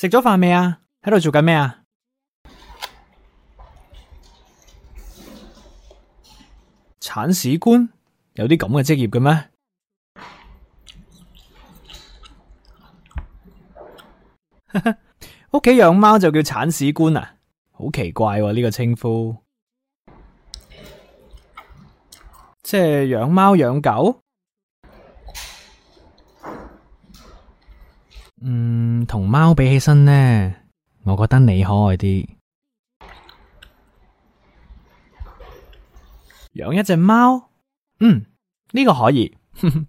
食咗飯未啊？喺度做緊咩啊？鏟屎官有啲咁嘅職業嘅咩？ 屋企養貓就叫鏟屎官啊？好奇怪喎，呢個稱呼，即係養貓養狗，嗯。同貓比起身呢，我覺得你可愛啲。養一隻貓，嗯，呢個可以。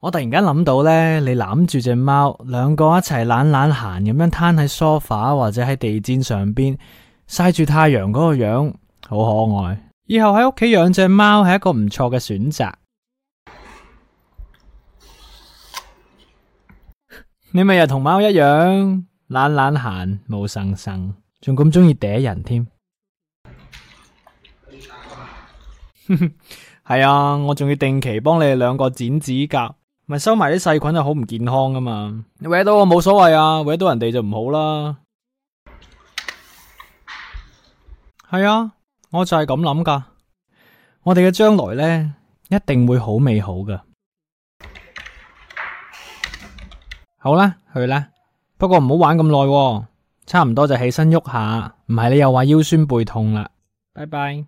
我突然間諗到呢：你攬住隻貓，兩個一齊懶懶閒咁樣攤喺梳化，或者喺地氈上邊晒住太陽嗰個樣，好可愛。以後喺屋企養隻貓係一個唔錯嘅選擇。你咪又同貓一樣懶懶閒冇生生，仲咁鍾意嗲人添？係 啊，我仲要定期幫你哋兩個剪指甲，咪收埋啲細菌就好唔健康㗎嘛！你餵到我冇所謂啊，餵到人哋就唔好啦。係 啊，我就係咁諗噶。我哋嘅將來呢，一定會好美好噶。好啦，去啦。不過唔好玩咁耐喎，差唔多就起身喐下。唔係你又話腰酸背痛啦。拜拜。